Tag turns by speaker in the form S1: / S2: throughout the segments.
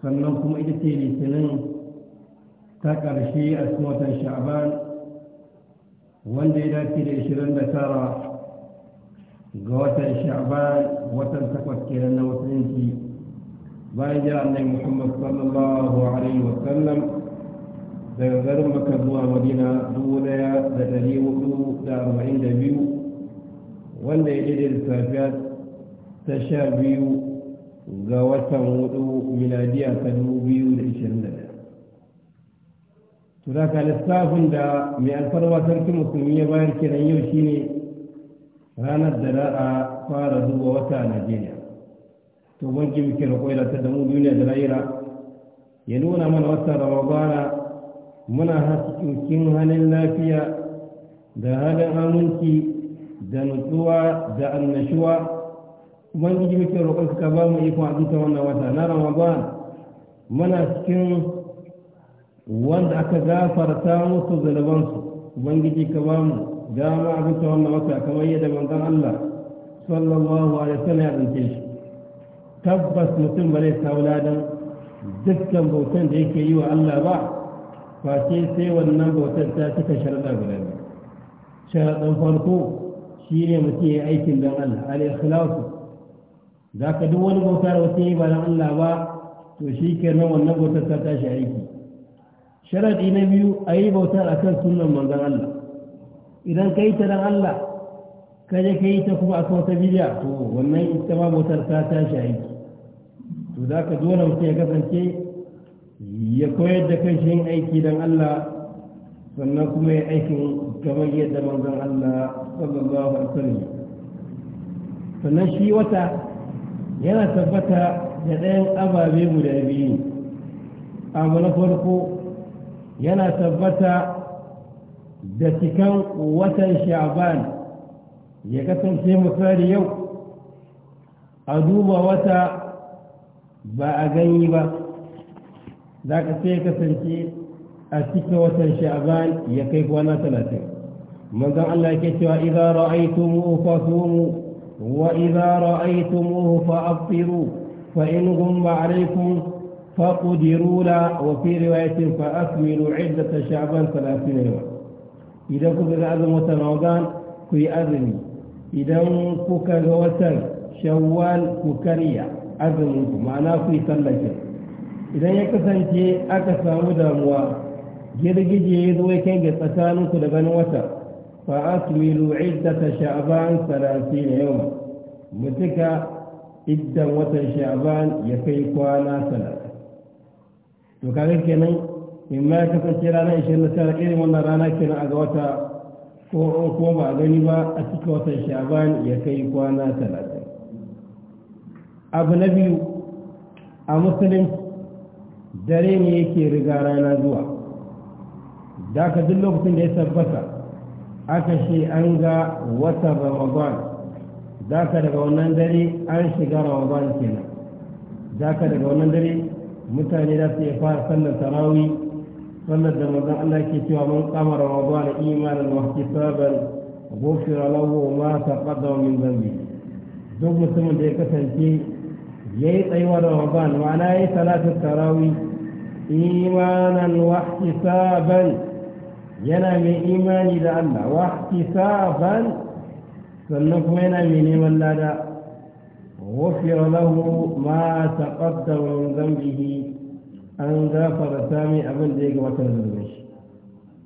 S1: sannan kuma ita ce litinin ta ƙarshe a cikin watan sha'aban wanda ya dace da ishirin da tara ga watan sha'aban watan takwas kenan na watan yanki bayan jira annai muhammad sallallahu alaihi wa sallam daga garin maka zuwa madina dubu daya da dari hudu da arba'in da biyu wanda ya daidai da safiya ta sha biyu ga watan hudu miladiya ta dubu biyu da ishirin da ɗaya to lissafin da mai alfarwa sarki musulmi ya bayar kenan yau shine ranar da za a fara duba wata a najeriya to banki muke roƙo da ta damu duniya da rayira ya nuna mana wata ramadana muna hasken halin lafiya da halin aminci da nutsuwa da annashuwa ubangiji muke roƙon suka ba mu ikon azuta wannan wata na ramadan muna cikin wanda aka gafarta musu zulubansu ubangiji ka ba mu dama azuta wannan wata kamar yadda manzon Allah sallallahu alaihi wasallam ya zance shi tabbas mutum ba zai samu ladan dukkan bautan da yake yi wa Allah ba face sai wannan bautar ta cika sharaɗa guda biyu sharaɗin farko shi ne mutum ya aikin don Allah al za ka duk wani bautar da wata yi ba na Allah ba to shi ke nan wannan bautar ta tashi aiki sharaɗi na biyu a yi bautar a kan sunan manzan Allah idan ka yi ta dan Allah ka je ka yi ta kuma a kawata wata bidiya to wannan ita ma bautar ta tashi aiki to za ka wani mutum ya kasance ya koyar da kan shi aiki don Allah sannan kuma ya aikin kamar yadda manzan Allah sallallahu alaihi wasallam sannan shi wata yana tabbata da ɗayan ababe guda biyu abu na farko yana tabbata da cikan watan sha'ban ya kasance misali yau a duba wata ba a ganyi ba za ka sai kasance a cikin watan sha'ban ya kai kwana talatin manzan Allah ke cewa idan ra'aytumu fasumu وإذا رأيتموه فأبطروا فإن غم عليكم فقدروا لا وفي رواية فأكملوا عدة شعبان ثلاثين يوما إذا كنت هذا وتنوغان كي أذني إذا كنت وتن شوال كريا أذنك معناه في ثلاثة إذا يكسنتي أكسام دموا مدى ya zo ya kai ga tsakaninku da ganin wata fa 30 mu idan iddan watan sha'ban ya kai kwana talatin to kaga kenan in ma ya kasance ranar ishirin da irin wannan rana kenan a ga wata ko in kuma ba a gani ba a cika watan sha'ban ya kai kwana talatin abu na biyu a musulun dare ne yake riga rana zuwa da ka duk lokacin da ya tabbata aka shi an ga watan ramadan ذاك الرجل نندري أيش قرا وضان كنا ذاك الرجل نندري متى نرد إفار صلى تراوي صلى دمضة أنا كتوا من قمر وضان إيمان واحتسابا غفر له ما تقدم من ذنبي دوب مسلم ديك سنتي يي طيوة رمضان وأنا أي صلاة التراوي إيمانا واحتسابا ينامي إيماني لأن واحتسابا فلنكوين أميني ولادا غفر له ما تقدم من ذنبه أن غفر سامي أبن ديك وكان ذنبه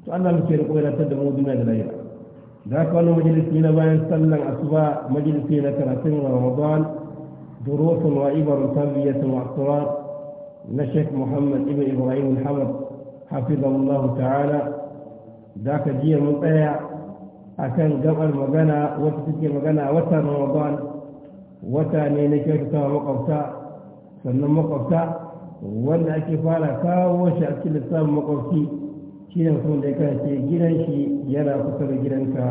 S1: فألا مكير قولة تدمو دماء دلائرة ذاك أنه مجلس من أبا يستلل أصبع مجلس من كراتين رمضان دروس وعبر تربية واعتراف نشيخ محمد ابن إبراهيم الحمد حفظه الله تعالى ذاك جير من akan gabar magana wata take magana wata ramadan wata ne na kyautata wa makwabta sannan makwabta wanda ake fara kawo shi a cikin lissafin makwabci shi ne mutum da ya ce gidan shi yana kusa da gidanka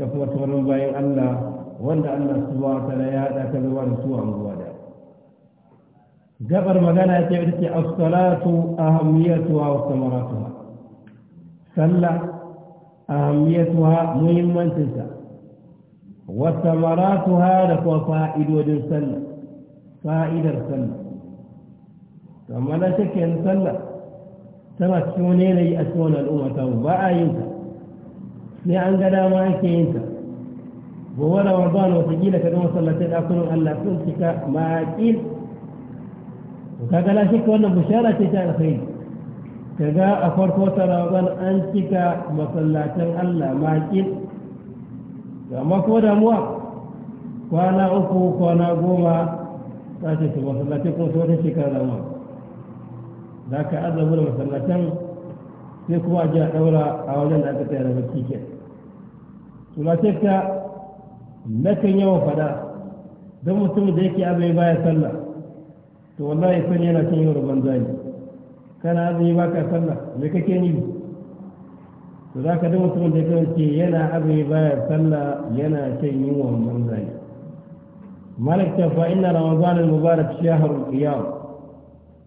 S1: da kuma tsoron bayan allah wanda allah ba ta na ya haɗa ka zama da su anguwa da gabar magana ce ita ce as-salatu ahammiyatu wa samaratuha sallah أهميتها مهمة تسا وثمراتها لك فائد ودن سنة فائد السنة ثم لا شك أن سنة تمسوني ليأسون الأمة وباء ينسى لأن قد ما أنك ينسى وولا وضان وسجيلة كدوم صلى الله عليه وسلم أن لا تنسك ما أكيد وكذا لا شك أن بشارة تتعلقين kaga a farko ta ramadan an cika masallatan allah makin amma ko damuwa kwana uku kwana goma ta ce su masallacin kuma wata shekara da za ka azabu da masallacin sai kuma ji a ɗaura a wajen da aka tsaye da baki ke ka na kan yawa fada don mutum da yake azumi baya sallah to wallahi san yana cin yau da banza kana azumi ba ka sallah me kake ni to za ka da mutumin da kawai ce yana azumi baya sallah yana shan yin wa ne malik ta fa inna ramadan mubarak shahar qiyam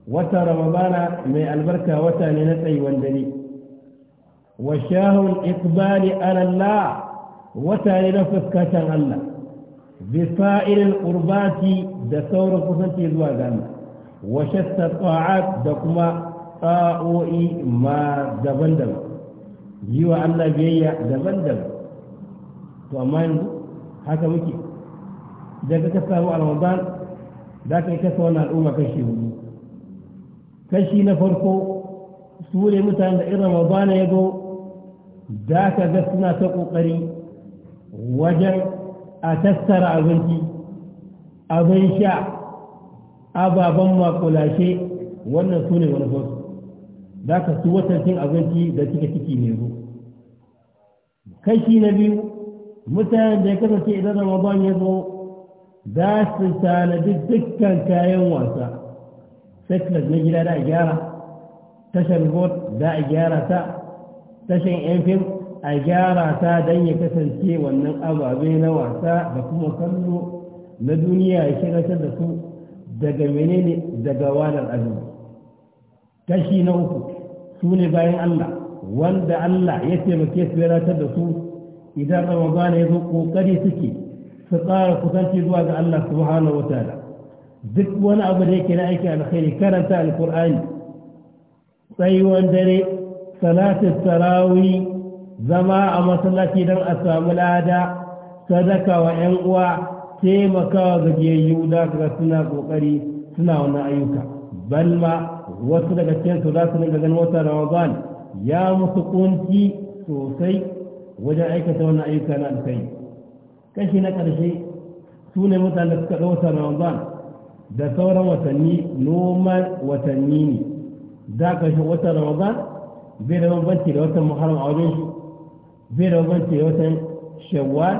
S1: wata ramadana mai albarka wata ne na tsayuwan dare wa shahrul iqbali ala allah wata ne na fuskantar allah bi sa'iril qurbati da sauran kusanci zuwa ga Allah wa shatta ta'at da kuma sa'o'i ma daban-daban yi wa Allah biyayya daban-daban to amma yanzu haka muke daga ka samu a ramadan za ka yi kasa wannan al'umma kashi hudu kashi na farko su ne mutane da irin ramadan ya zo da ka ga suna ta kokari wajen a tattara abinci abin sha ababen makulashe wannan su ne wani sosu za ka su watan cin abinci da cika ciki mai zo kashi na biyu mutanen da ya kasance idan ramadan ya zo za su tanadi dukkan kayan wasa seklas na gida da a gyara tashar bot da a gyara ta tashar yan fim a gyara ta don ya kasance wannan ababe na wasa da kuma kallo na duniya ya shiratar da su daga menene daga wanar azumi kashi na uku su bayan Allah wanda Allah ya taimake su ya ratar da su idan Ramadan ya zo kokari suke su tsara kusanci zuwa ga Allah subhanahu wataala duk wani abu da yake na aiki alkhairi karanta alqur'ani tsayuwan dare salatin tarawih zama a masallaci don a samu lada sadaka wa 'yan uwa taimakawa gajiyayyu da suna kokari suna wani ayyuka balma wasu daga cikin su za su dinga ganin wata ramadan ya musu kunci sosai wajen aikata wannan ayyuka na alkai kashi na ƙarshe su ne mutane suka ɗauka ramadan da sauran watanni noman watanni ne za ka shi wata ramadan bai da bambanci da watan muharram a wajen shi bai da bambanci da watan shawwal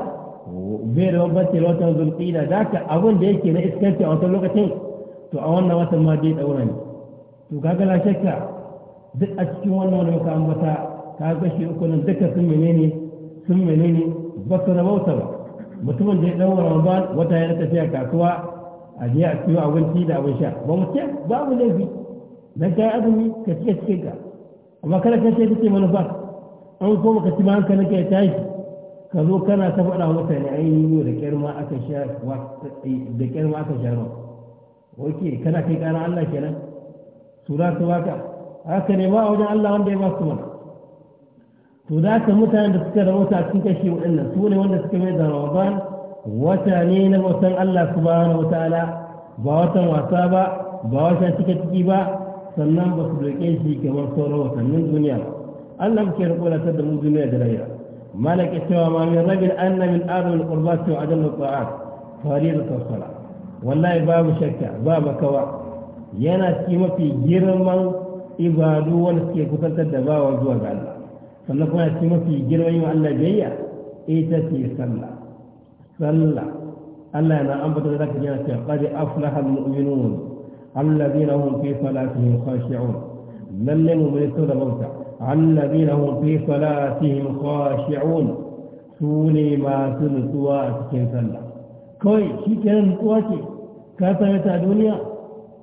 S1: bai da bambanci da watan zulqida da ka abin da yake na iskanci a wannan lokacin to a wannan watan ma dai daura ne to kaga la shakka duk a cikin wannan wani ka ambata ka ga shi uku nan duka sun menene sun menene ba su rabauta mutumin da ya ɗan ramadan wata ya tafiya kasuwa a je a ciwo abinci da abin sha ba mu ce babu laifi dan kai azumi ka ce cikin ka amma kada ka ce kake manufa an koma ka ci ma hankali ka ta tashi ka zo kana ta faɗa mutane ai yi da kyar ma aka sha da kyar ma aka sha ruwa ok kana kai ƙara allah kenan tura su baka haka ne ma wajen Allah wanda ya ba su mana to da ka mutanen da suka rabauta a cikin kashi waɗannan su ne wanda suka mai da Ramadan wata ne na bautan Allah subhanahu wataala ba watan wasa ba ba wata cika ciki ba sannan ba su roƙe shi kamar sauran watannin duniya Allah ke da kula da mu duniya da rayuwa malaka cewa ma min rabbil anna min adamul qurbati wa adamul ta'at farida sala wallahi babu shakka babu kawa yana ci mafi girman ibadu wanda suke kusantar da bawa zuwa ga Allah sannan kuma ci mafi girman yin Allah biyayya ita ce sallah sallah Allah yana ambata da zaka yana cewa qad aflaha almu'minun alladhina hum fi salatihim khashi'un lalle mu'mini sun da bauta alladhina hum fi salatihim khashi'un su ne masu nutsuwa a cikin sallah kawai shi kenan nutsuwa ce ka sami ta duniya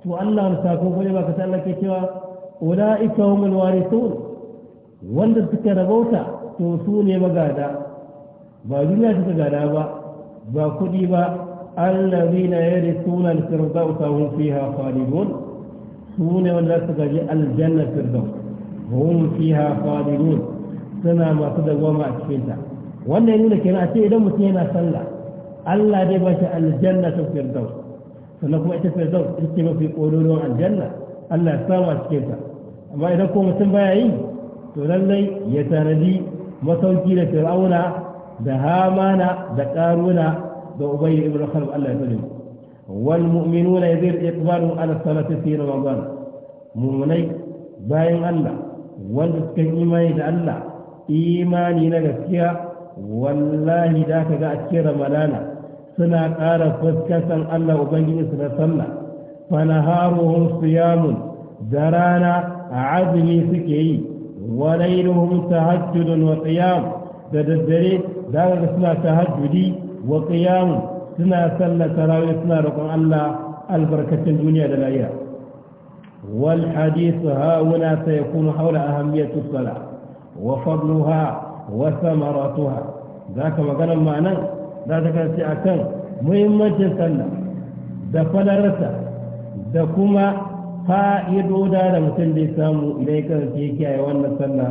S1: to Allah musako gode ba ka ta Allah ke cewa ulaika humul warithun wanda suka rabauta to su ne magada ba duniya suka gada ba ba kudi ba allazina yarithuna al-firdausa hum fiha khalidun su ne wanda suka ji aljanna firdaus hum fiha khalidun suna masu da dawama a cikin ta wannan yana kenan a ce idan mutum yana sallah Allah dai ba shi aljanna ta firdaus sannan kuma ita firdaus ita ce mafi ƙololuwan aljanna Allah ya sama cikin ta amma idan ko mutum baya yi to lallai ya tanadi masauki da fir'auna da hamana da ƙaruna da ubayy ibn khalaf Allah ya tsare mu wal mu'minuna yazir iqbalu ala salati fi ramadan mu'minai bayan Allah wanda suka imani da Allah imani na gaskiya wallahi da ka ga a cikin ramadana suna ƙara fuskantar Allah Ubangiji su da sallah fa naharuhum siyamun da rana a azumi suke yi wa lailuhum tahajjudun wa qiyam da daddare da ga suna tahajjudi wa qiyam suna sallar tarawih suna roƙon Allah albarkacin duniya da lahira wal hadith hauna sayakunu hawla ahammiyatus salah wa fadluha wa samaratuha zaka maganar ma'anar za ta kasance a kan muhimmancin sallah da falararsa da kuma fa'idoda da mutum zai samu idan ya kasance ya kiyaye wannan sallah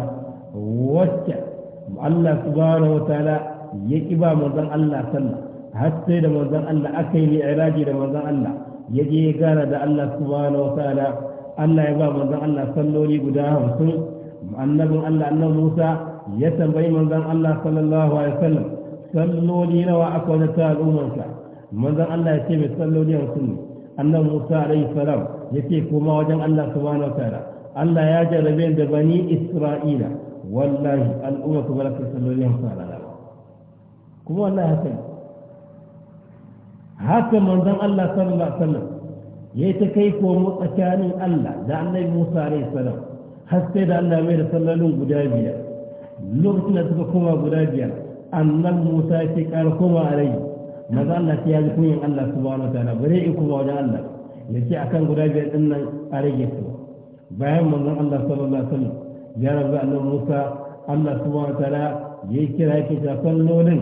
S1: wacce Allah subhanahu wa ta'ala ya ƙi ba manzon Allah sallah har sai da manzon Allah aka yi mi'raji da manzon Allah ya je ya gara da Allah su subhanahu wa ta'ala Allah ya ba manzon Allah salloli guda hamsin annabin Allah annan Musa ya tambayi manzon Allah sallallahu alaihi wasallam salloli nawa aka wajen ta al'ummarsa manzon Allah ya ce mai salloli hamsin ne Annan Musa alaihi salam ya ce koma wajen Allah subhanahu wa ta'ala Allah ya jarrabe da bani Isra'ila wallahi al'umma ku baraka salloli hamsin ala kuma wallahi haka haka manzan Allah sallallahu alaihi wasallam yi ta kai komo tsakanin Allah da annabi Musa alaihi salam har sai da Allah mai da sallalin guda biyar lokacin da suka koma guda biyar annan musa ce karkuma a rai maza Allah ce ya ji kunyin Allah su subhanahu wa ta'ala bare iku ba wajen Allah ya ce akan guda biyar din nan a rage su bayan manzon Allah sallallahu alaihi wasallam ya rabu annan musa Allah subhanahu wa ta'ala ya kira yake ta sallolin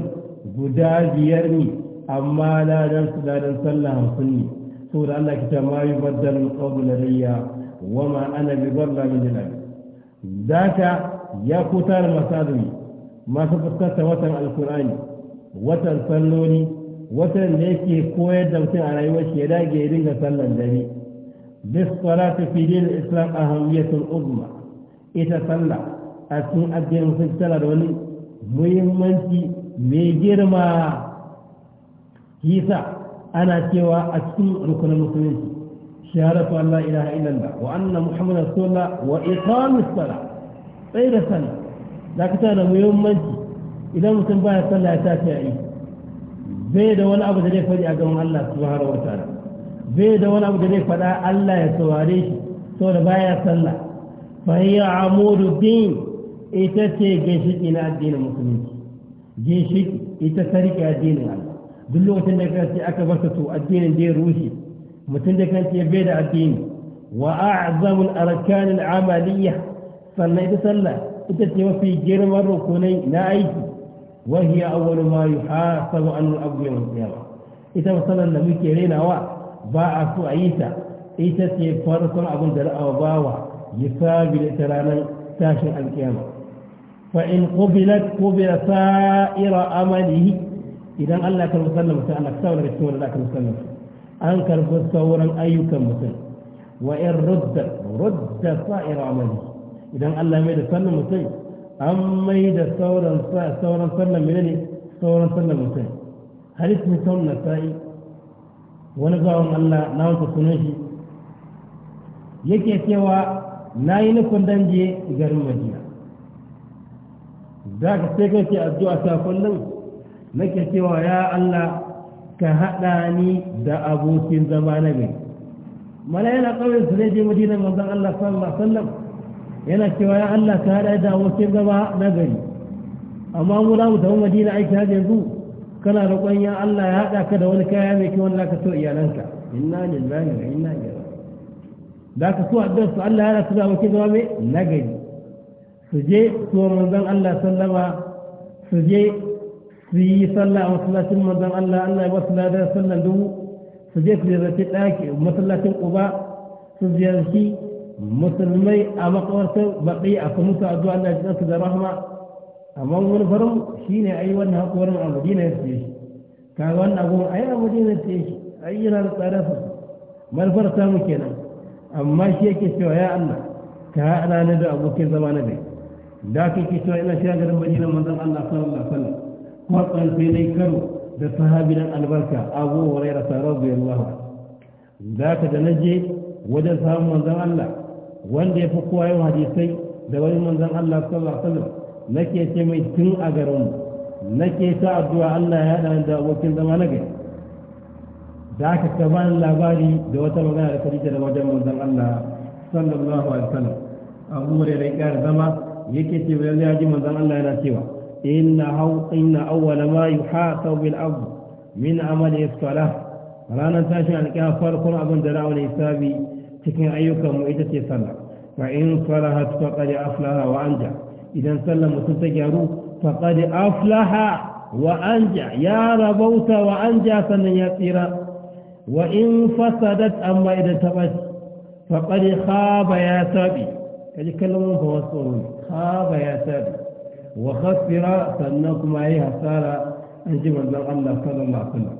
S1: guda biyar ne amma ladan su ladan sallah hamsin ne saboda Allah ke ta ma yubaddalu qawlu ladayya wa ma ana bi dharra min dalal zaka ya kutar masadumi masu fuskanta watan alkur'ani watan salloli watan da yake koyar da mutum a rayuwar shi ya dage ya dinga sallan dare bis salatu fi din islam ahawiyatul uzma ita sallah a cikin addinin musulunci tana da wani muhimmanci mai girma yisa ana cewa a cikin rukunin musulunci shahadatu an la ilaha illallah wa anna muhammadar sallah wa iqamus sallah tsaye da sallah za ka tana muhimmanci idan mutum baya sallah ya tashi a yi bai da wani abu da zai faɗi a gaban Allah subhanahu wa ta'ala bai da wani abu da zai faɗa Allah ya saurare shi saboda baya sallah fa hiya amudu din ita ce ginshiki na addinin musulunci ginshiki ita ta rike addinin Allah duk lokacin da ka ce aka bar to addinin da ya rushe mutum da kan ce bai da addini wa a'zamul arkanil amaliyya sannan ita sallah تتي وفي جرم الركني نايف وهي أول ما يحاسب عن الأرض يوم القيامة إذا وصلنا لمكيرين أوا باع أسوء عيسى إذا تيفار صنع أبن دلاء وضاوة يفاق لإترانا تاشر القيامة فإن قبلت قبل سائر أمله إذا الله كان مسلم سألنا كثورا كثورا لا كان أنكر فثورا أيكم مسلم وإن رد رد سائر أمله idan Allah mai da sallan mutum an mai da sauran sauran sallan ne sauran sallan mutum hadis mai sauran sa'i wani bawan Allah na wata sunan shi yake cewa na yi nufin dan je garin madina za ka sai kake addu'a ta kullum nake cewa ya Allah ka haɗa ni da abokin zama na gari mana yana ƙauyen su ne je madina manzon Allah sallallahu alaihi wasallam yana cewa ya Allah ka haɗa da abokin gaba na gari amma mu za mu tafi madina aiki hajji yanzu kana roƙon ya Allah ya haɗa ka da wani kaya mai kyau wanda ka so iyalanka inna lillahi wa inna ilaihi da ka so addu'a su Allah ya haɗa su da abokin gaba mai na gari su je su manzon Allah sallama su je su yi sallah a masallacin manzon Allah Allah ya wasu ladar sallan dubu su je su ziyarci ɗaki masallacin uba su ziyarci musulmai a makawarta baɗi a kan musu addu'a Allah ya tsaka da rahma amma wani farin shine ayi wannan hakuwar a Madina ya tsaye shi kaga wannan abu ai a Madina ya tsaye shi ai yana da tsare sa manufar samu kenan amma shi yake cewa ya Allah ka haɗa ni da abokin zama na bai da ke cewa ina shiga garin Madina manzon Allah sallallahu alaihi wasallam kuma tsanfe dai karo da sahabin albarka Abu Hurairah radiyallahu anhu da ka da naje wajen samun manzon Allah wanda ya fi kowa yawan hadisai da wani manzon Allah sallallahu alaihi wasallam nake ce mai tun a garin nake ta addu'a Allah ya hada da abokin zama na gari da aka ka bani labari da wata magana da kadita da wajen manzon Allah sallallahu alaihi wasallam Abu Hurairah ya kara zama yake ce yanzu ya ji manzon Allah yana cewa inna hau inna awwala ma yuhasabu bil abd min amali salah ranar tashin alƙiyar farkon abin da ra'ayin hisabi cikin ayyukan mu ita ce sallah fa in salahat faqad aflaha wa anja idan sallah mutum ta gyaru faqad aflaha wa anja ya rabauta wa anja sannan ya tsira wa in fasadat amma idan ta bace faqad khaba ya sabi kaji kallon ba wasu khaba ya sabi wa khasira sannan kuma yi hasara an ji manzon Allah sallallahu alaihi wasallam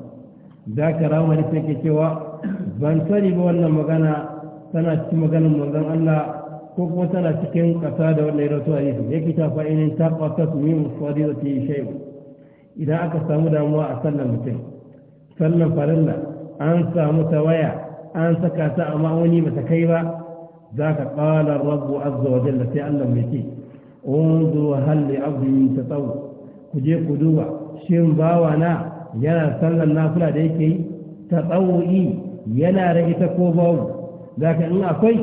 S1: da karama ne take cewa ban sani ba wannan magana tana cikin maganar manzon Allah ko kuma tana cikin kasa da wannan irin su hadisi ya kita fa in da ta yi shay idan aka samu damuwa a sallan mutum sallan farilla an samu waya an saka ta a ma'auni bata kai ba zaka qala rabbu azza wa jalla sai Allah mai ce unzuru hal li abdi min tatawu ku je ku duba shin bawa na yana sallan nafila da yake yi tatawu'i yana rage ta ko babu za ka in akwai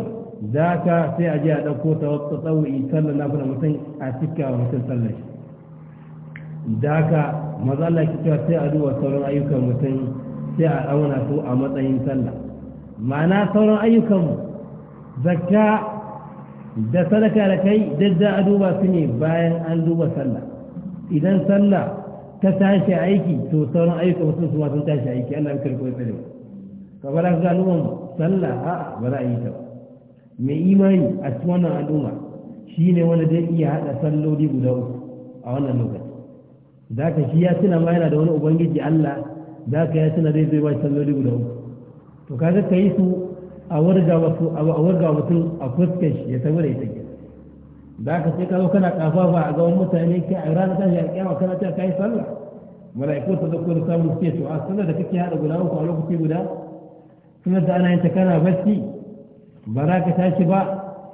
S1: za ka sai a ji a ɗauko ta wata tsawo'i sallar na kuna mutum a cikin wa mutum sallar shi da haka matsala ki cewa sai a duba sauran ayyukan mutum sai a auna su a matsayin sallah ma'ana sauran ayyukanmu zakka da sadaka da kai duk za a duba su ne bayan an duba sallah idan sallah ta tashi aiki to sauran ayyukan mutum su ma sun tashi aiki allah ya karɓi tsare kamar an ganuwan sallah a ba za a yi ta ba mai imani a cikin wannan al'umma shine wanda zai iya haɗa salloli guda uku a wannan lokaci za ka shi ya tuna ma yana da wani ubangiji allah za ka ya tuna zai zai ba salloli guda uku to kaga ka yi su a warga wasu a warga mutum a fuskar shi ya saboda ita ke za ka sai zo kana kafafa a gaban mutane kai a ranar tashi a kana ta kai sallah mala'iku ta zo kuma samu suke to a sallar da kake hada guda uku a lokaci guda sunan da ana yin ta kana bacci ba za ka tashi ba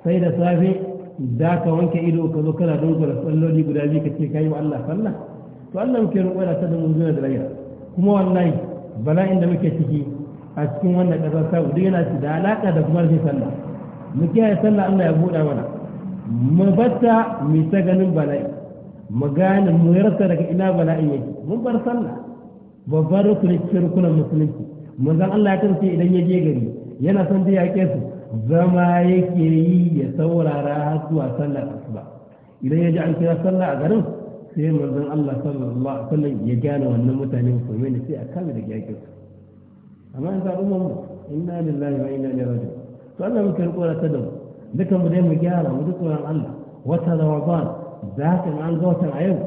S1: sai da safe da ka wanke ido ka zo kana dogara tsalloli guda biyu ka ce ka yi wa Allah sallah to Allah muke roƙo da sanin mun zuwa da rayuwa kuma wallahi bala'in da muke ciki a cikin wannan ƙasar sa duk yana da alaƙa da kuma rashin sallah mu kiyaye sallah Allah ya buɗa mana mu batta mu ta ganin bala'i mu gane mu rasa daga ina bala'in yake mun bar sallah babbar rukunin cikin rukunan musulunci manzon Allah ya tarce idan ya je gari yana son da yake su zama yake yi ya saurara har zuwa sallar asuba idan ya ji an kira sallah a garin sai manzon Allah sallallahu alaihi wasallam ya gane wannan mutane musulmai ne sai a kame da yake su amma in zaɓi mu inna lillahi wa inna ilaihi raji'un to Allah muke rikora ta da mu dukan mu dai mu gyara mu duk ran Allah wata Ramadan za an ga watan a yau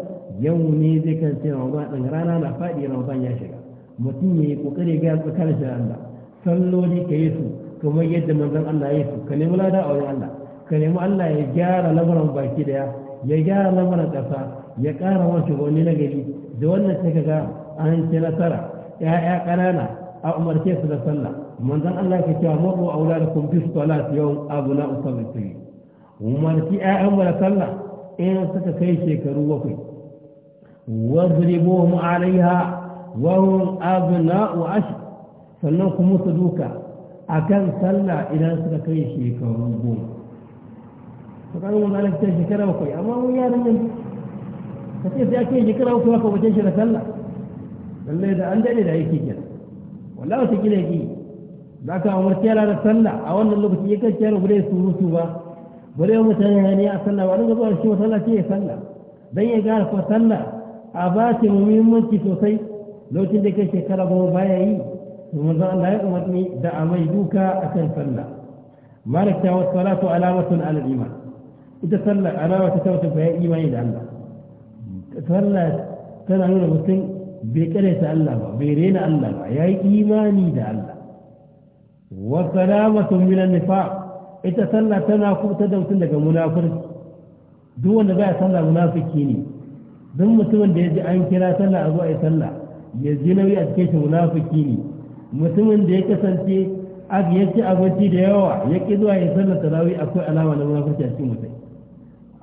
S1: yau ne zai kan sai Ramadan ɗin rana na fadi Ramadan ya shiga mutum ya yi kokari ga tsakar shi Allah salloli ka yi su kamar yadda manzon Allah ya yi su ka nemi lada a wurin Allah ka nemi Allah ya gyara lamarin baki daya ya gyara lamarin ƙasa ya ƙara wasu wani na gari da wannan sai ka ga an ce nasara ya'ya ƙanana a umarce su da sallah manzon Allah ya cewa mabu aula da kun fi salat yau abu na usabi umarci umarci ƴaƴan da sallah in suka kai shekaru bakwai wazribuhum alaiha wawon abina wa ashi sannan kuma su duka a kan sallah idan suka kai shekaru goma su yi wani ta shekara bakwai amma wani yaran yanzu ka ce sai ake shekara bakwai maka wajen shi da sallah lallai da an daɗe da yake kenan wanda wata gina yake za ka amur kera da sallah a wannan lokaci ya kan gudai su rusu ba bare mutane ne a sallah wani gaba shi wa sallah ce ya sallah don ya gara kuma sallah a ba shi muhimmanci sosai lokacin da kai shekara goma baya yi to manzon Allah ya umarni da amai duka akan sallah malik ta wasu salatu alamatun ala iman ita sallah alama ta tawata bayan imani da Allah sallah tana nuna mutum bai karaita Allah ba bai rena Allah ba ya yi imani da Allah wa salamatun minan nifaq ita sallah tana kubuta da mutum daga munafurci duk wanda ba ya sallah munafiki ne duk mutumin da ya ji an kira sallah a zuwa ya sallah ya ji nauyi a cikin munafiki ne mutumin da ya kasance ya ci abinci da yawa ya ki zuwa ya sallar tarawih akwai alama na munafiki a cikin mutum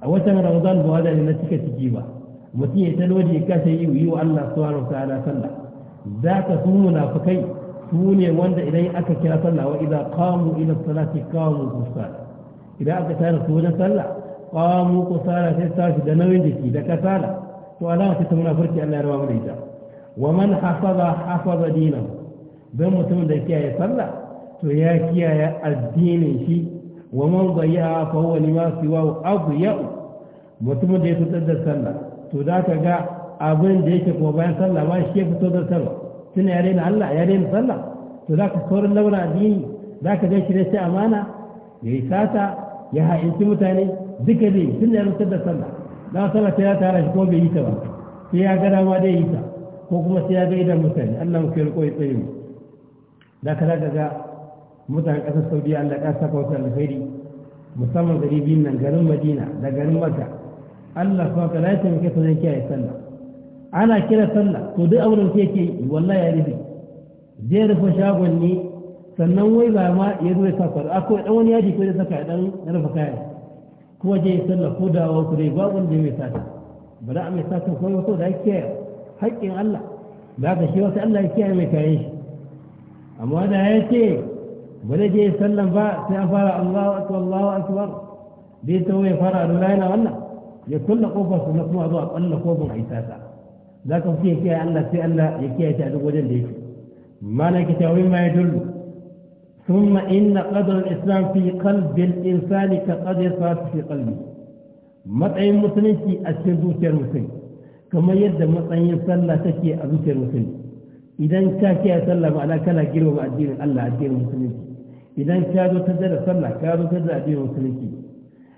S1: a watan ramadan ba wada ne na cika ciki ba mutum ya da ya kashe yi yi wa Allah subhanahu ta'ala sallah za ka su munafikai su ne wanda idan aka kira sallah wa idan qamu ila salati qamu kusala idan aka tara su wajen sallah qamu kusala sai tashi da nauyin jiki da kasala to alama ta munafiki Allah ya rawa mu da ita wa man hafaza hafaza dinan don mutum da kiyaye sallah to ya kiyaye addinin shi wa man zayya fa huwa lima siwa adya'u mutum da ya fitar da sallah to za ka ga abin da yake kuma bayan sallah ba shi ya fito da sallah tuna ya daina Allah ya daina sallah to za ka saurin laura addini za ka gan shi da sai amana ya yi sata ya ha'inci mutane duka dai tun ya fitar da sallah na sallah ta ya tara shi kuma bai yi ta ba sai ya ga dama dai yi ta ko kuma sai ya ga idan mutane Allah muke riko ya tsaye da kada zaka ga mutanen ƙasar Saudiya Allah ya saka wasu alheri musamman gari biyun nan garin Madina da garin Makka Allah kuma ka lafiya muke sanin kiyaye sallah ana kira sallah to duk auren ke ke wallahi ya rufe zai rufe shagon ne sannan wai ba ma ya zo ya sa kwaro akwai dan wani yaji ko ya saka dan rufe kaya ko je sallah ko dawo ku dai babu wanda ya mai sata ba da a mai sata ko wato da ake kiyaye حقي الله لا شيء وقت الله يكيه ميكا إيش أما أنا هيتي بلا يسلم با سيأفر الله أكبر الله أكبر بيتوي فرع رلائنا ولا يكل قوبة سنك موضوع أقل قوبة حيثاتا ذاك فيه كي الله سي الله يكيه تعدو وجل ديك ما لك تعوين ما يدل ثم إن قدر الإسلام في قلب الإنسان كقدر صلاة في قلبه متى المسلم في أشهد المسلم kamar yadda matsayin sallah take a zuciyar musulmi idan ka kiyaye sallah ma'ana kana girmama addinin Allah addinin musulunci idan ka zo ta da sallah ka zo ta da addinin musulunci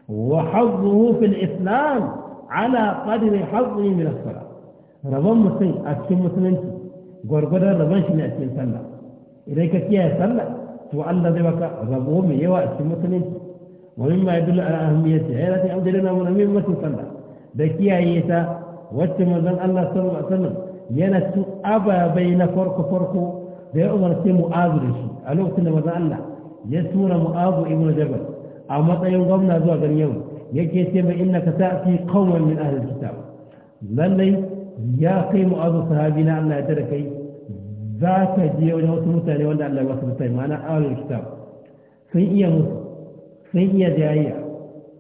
S1: wa hazzuhu fil islam ala qadri hazzi min as-salah rabon mutum a cikin musulunci gwargwadon rabon shi ne a cikin sallah idan ka kiyaye sallah to Allah zai baka rabo mai yawa a cikin musulunci wa mimma yadullu ala ahammiyati ayati amdalana min ummatin sallah da kiyaye ta wacce manzon Allah sallallahu alaihi wasallam yana cikin ababai na farko farko da ya umarci mu'azu da shi a lokacin da manzon Allah ya tura mu'azu ibn jabal a matsayin gwamna zuwa garin yau yake ce mai inna ka ta'ti qawman min ahli kitab lallai ya kai mu'azu sahabi na Allah ya tada kai za ka je wajen wasu mutane wanda Allah ya ba su mutane ma'ana ahli kitab sun iya musu sun iya jayayya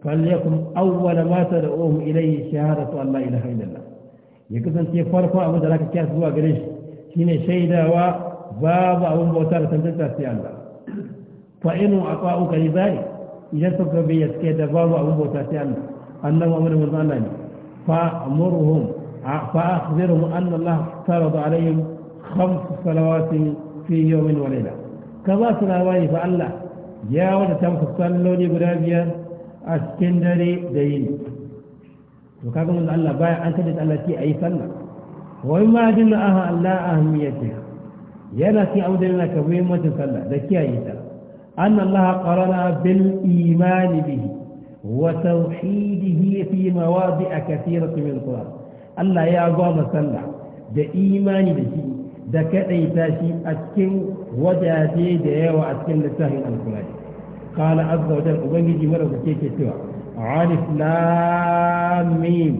S1: فليكن أول ما تدعوهم إليه شهادة أن لا إله إلا الله يكسن في فرق أبو ذلك كاس بوا قريش شين شيدا وباب أبو موتار تنتهي في الله فإن أطاعوك لذلك إذا سوف بيسكي دباب أبو موتار في الله أنه أمر من الله فأمرهم فأخبرهم أن الله فرض عليهم خمس صلوات في يوم وليلة كما سلاوي فالله يا ولد تنفصل لوني برابيا a cikin dare da yini to kaga manzo Allah baya an kaddata Allah ce ayi sallah wa ma dinna aha Allah ahmiyati yana ci abu da yana kabe mata sallah da kiyaye ta an Allah qarana bil iman bihi wa tauhidihi fi mawadi'a kathira min quran Allah ya bama sallah da imani da shi da kadaita shi a cikin wajaje da yawa a cikin littafin al قال عز وجل أبنجي مرض كيك سوى عالف لام ميم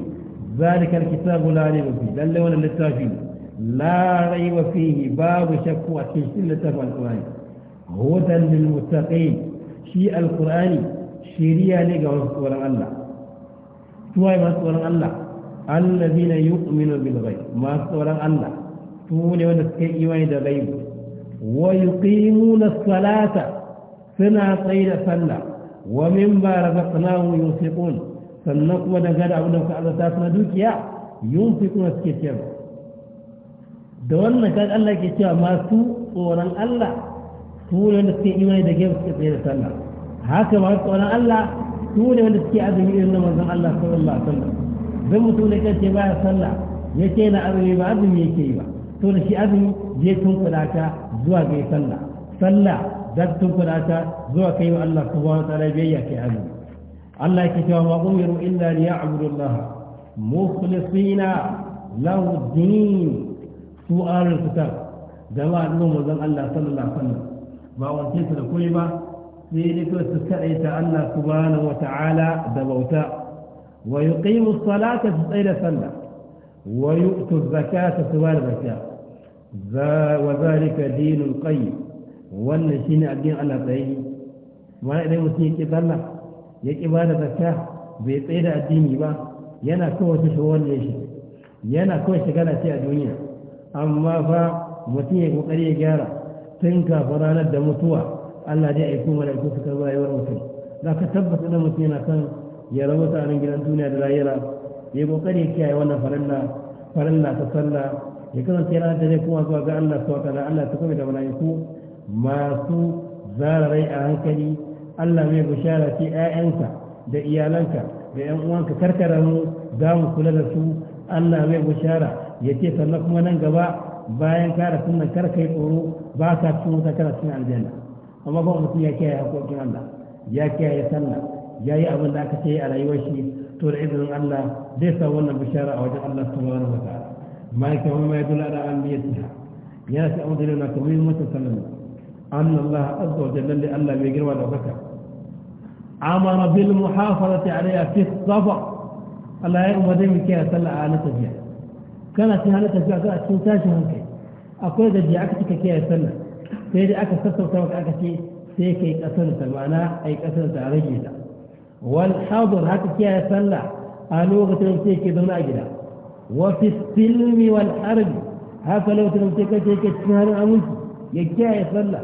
S1: ذلك الكتاب لا ريب فيه دل ولا للتافين لا ريب فيه باب شك وكيش لتفع القرآن هدى للمتقين شيء القرآن شريعة لك ورسول الله سوى وصورة الله الذين يؤمنون بالغيب ما صورة الله سوني ونسكي إيمان الغيب ويقيمون الصلاة suna tsaye da sallah wa min ba razaqnahu yunfiqun sannan kuma daga da abin da suka Allah ta suna dukiya yunfiquna suke cewa da wannan kan Allah ke cewa masu tsoron Allah su ne wanda suke imani da gaibu suke tsaye da sallah haka masu tsoron Allah su ne wanda suke azumi irin na manzon Allah sallallahu alaihi wasallam zan mutum ne kace baya sallah Ya ce na azumi ba azumi yake yi ba to da shi azumi je tun ka zuwa ga sallah sallah zartun kunata zuwa kai wa Allah subhanahu wa ta'ala biyayya kai azumi Allah yake cewa ma umiru illa liya'budu Allah mukhlisina lahu din su ahlul kitab jama'a dukkan manzon Allah sallallahu alaihi wasallam ba wance su da koyi ba sai dai kawai su kadaita Allah subhanahu wa ta'ala da bauta wa yuqimu as-salata su tsaida sallah wa yu'tu az-zakata su ba da zakata وذلك دين القيم wannan shi ne addinin Allah tsayi ma idan mutum ya ƙi sallah ya ƙi bada zakka bai tsaye da addini ba yana kawai shi wanda ya shi yana kawai gana ce a duniya amma fa mutum ya ƙoƙari ya gyara tun kafin ranar da mutuwa Allah zai aiko mana aiko suka zuwa yawar mutum za ka tabbata da mutum yana kan ya rabu a anan gidan duniya da rayuwa ya ƙoƙari ya kiyaye wannan farilla farilla ta sallah ya kasance yana da zai kuma zuwa ga Allah ta wa ta'ala Allah ta kuma da mala'iku masu zararai a hankali Allah mai bishara ce 'ya'yanka da iyalanka da 'yan uwanka karkara mu za mu kula da su Allah mai bishara ya ce sannan kuma nan gaba bayan kara sunan karkai tsoro ba ka cikin wuta kana suna aljanna amma ba mutum ya kiyaye hakokin Allah ya kiyaye sallah ya yi abin da aka ce a rayuwar shi to da izinin Allah zai sa wannan bishara a wajen Allah subhanahu wa ta'ala ma'aikawa mai ya dula da an yana ta an yana kamar yin mutum أن الله عز وجل لألا بيقر ولا ذكر أمر بالمحافظة عليها في السفر الله يقوم دائما كي أسلع على تجيع كانت هنا تجيع كانت تنتاجها كي أقول إذا جي أكتك كي أسلع أتلع فإذا أكتبت وتوقع أكتي سيكي أتلت المعنى أي أتلت عليه والحاضر هكي كي أتلع ألوغة تنسيكي دون أجل وفي السلم والحرب هكا لو تنسيكي كي تنسيكي تنسيكي يجي أسلع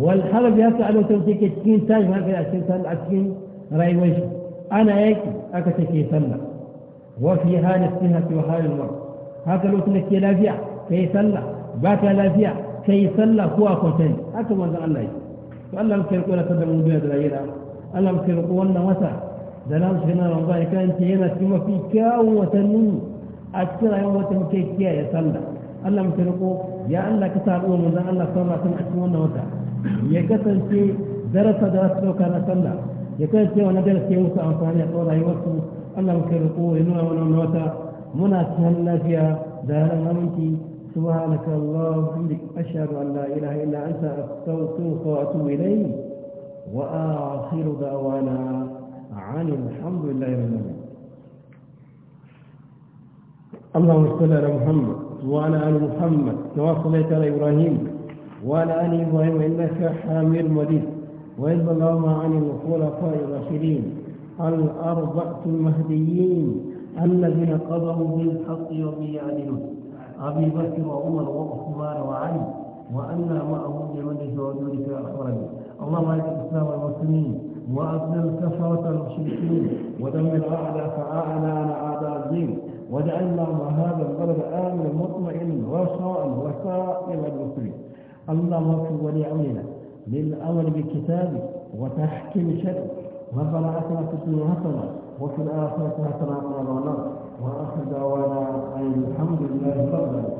S1: والحرب يسعى لو تمسك تكين تاج ما في أشياء سنة أشياء رأي وجه أنا هيك أكتكي سنة وفي حال السنة في حال المرض هكذا لو تنك يلافيع كي سنة باك يلافيع كي سنة هو أكتن هكذا ما زال الله فالله مكير قولة تبع مدوية دلائرة الله مكير قولنا وسع دلام شغنا رمضان كانت هنا كما في كاو وتنين أكثر يوم وتمكي كي يسنة الله مكير قول يا الله كتاب أول من الله صلى الله عليه وسلم ya kasance darasa da wasu ɗauka na sallah ya kasance wani darasa ya musu amfani a tsawon rayuwarsu Allah muka roƙo ya nuna wani wata muna cikin lafiya da ranar aminci سبحانك اللهم أشهد أن لا إله إلا أنت أستغفرك وأتوب إليه وآخر دعوانا عن الحمد لله رب العالمين اللهم صل على محمد وعلى ال محمد كما صليت على ابراهيم وعلى آل إبراهيم إنك حميد مجيد وإذ اللهم عن الخلفاء الراشدين الأربعة المهديين الذين قضوا بالحق وبه يعدلون أبي بكر وعمر وعثمان وعلي وأنا معهم بمنك وجودك يا أرحم اللهم أعز الإسلام والمسلمين وأذل الكفرة المشركين ودمر أعداء فأعلانا أعداء الدين واجعل اللهم هذا البلد آمنا مطمئنا وشاء وسائر المسلمين اللهم في ولي امرنا للاول بكتابه وتحكيم شرعك ربنا اتنا في الدنيا حسنه وفي الاخره حسنه وقنا النار واخر دعوانا ان الحمد لله فضلا